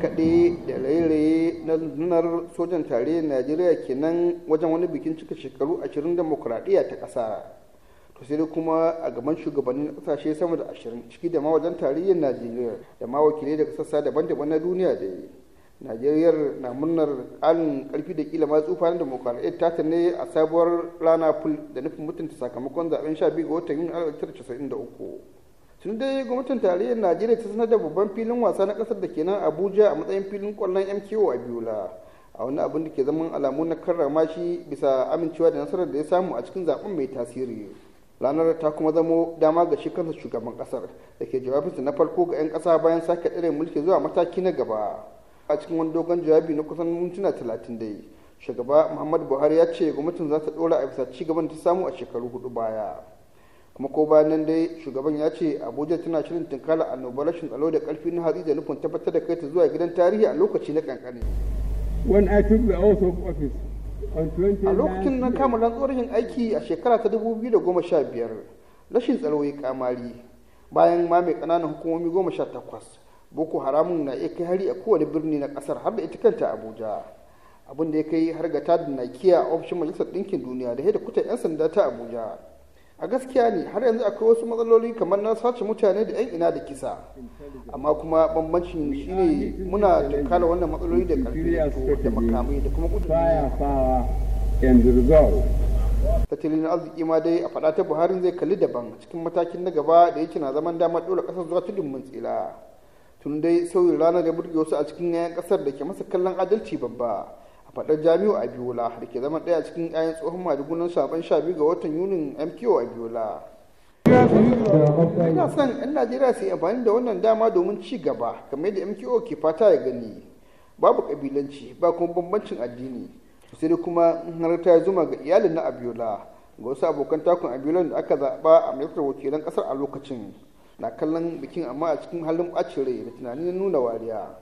kaɗe da rairaye na zunar sojan tarayyar najeriya kenan wajen wani bikin cika shekaru 20 demokuraɗiyya ta ƙasa to sai dai kuma a gaban shugabannin ƙasashe sama da 20 ciki da ma wajen tarayyar najeriya da ma wakilai daga sassa daban-daban na duniya da yi najeriyar na murnar ƙarin karfi da kila ma tsufa na ya ta ne a sabuwar rana ful da nufin mutunta sakamakon zaben sha biyu ga watan yin casa'in da uku tun dai gwamnatin tarayyar najeriya ta sanar da babban filin wasa na kasar da ke nan abuja a matsayin filin ƙwallon mko a la a wani abin da ke zaman alamu na karrama shi bisa amincewa da nasarar da ya samu a cikin zaben mai tasiri ranar ta kuma zamo dama ga shi kansa shugaban kasar da ke jawabinsa na farko ga 'yan kasa bayan sake tsare mulki zuwa mataki na gaba a cikin wani dogon jawabi na kusan mintuna talatin da shugaba muhammadu buhari ya ce gwamnatin za ta dora a bisa cigaban ta samu a shekaru hudu baya kuma ko bayan nan dai shugaban ya ce abuja tana shirin tunkala annobar rashin tsaro da karfi na hatsi da nufin tabbatar da kai ta zuwa gidan tarihi a lokaci na kankane when i took the oath of a lokacin na kama rantsuwar yin aiki a shekara ta 2015 rashin tsaro ya kamari bayan ma mai kananan hukumomi goma sha takwas. boko haramun na iya kai hari a kowane birni na kasar har da ita kanta abuja abin da ya kai har ga tadin nakiya a ofishin majalisar ɗinkin duniya da haida kuta 'yan sanda ta abuja a gaskiya ne har yanzu akwai wasu matsaloli kamar na sace mutane da 'yan ina da kisa amma kuma bambancin shine muna tunkala wannan matsaloli da karfi da makamai da kuma tattalin arziki ma dai a faɗa ta buhari zai kalli daban cikin matakin na gaba da yake na zaman damar dora kasar zuwa tudun mun tsila tun dai sauyin ranar ya burge wasu a cikin 'ya'yan kasar da ke masa kallon adalci babba a fadar jami'u a biola da ke zama daya cikin 'ya'yan tsohon madugunan sabon sha biyu ga watan yunin mko biola ina son 'yan najeriya su yi amfani da wannan dama domin ci gaba kamar yadda mko ke fata ya gani babu kabilanci ba kuma bambancin addini sai dai kuma halarta ya zuma ga iyalin na abiola ga wasu abokan takun abiola da aka zaɓa a maimakon wakilan ƙasar a lokacin na kallon bikin amma a cikin halin ɓacin rai da tunanin nuna wariya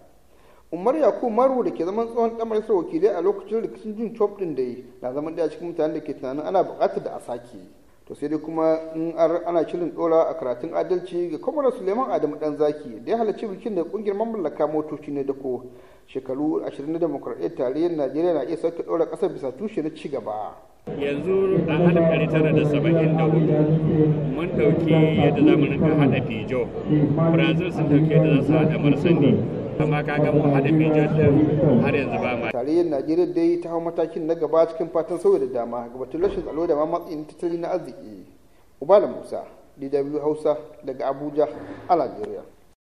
umar yakub maru da ke zaman tsohon ɗan majalisar wakilai a lokacin rikicin jin cop din da na zama ɗaya cikin mutanen da ke tunanin ana buƙatar da a sake to sai dai kuma in ana shirin ɗora a karatun adalci ga kwamar suleiman adamu ɗan zaki da ya halarci bikin da ƙungiyar mamallaka motoci ne da ko shekaru ashirin na demokuraɗiyyar tarayyar najeriya na iya sake ɗora ƙasar bisa tushe na ci gaba yanzu a alif tara da saba'in da hudu mun dauki yadda za mu rinka fijo brazil sun dauke yadda zasu hada marsani amma kaga mu hada fijo da har yanzu ba ma. tarayyar najeriya dai ta hau matakin na gaba cikin fatan sauya da dama gabatun rashin tsaro da ma matsayin tattalin na arziki ubala musa dw hausa daga abuja a najeriya.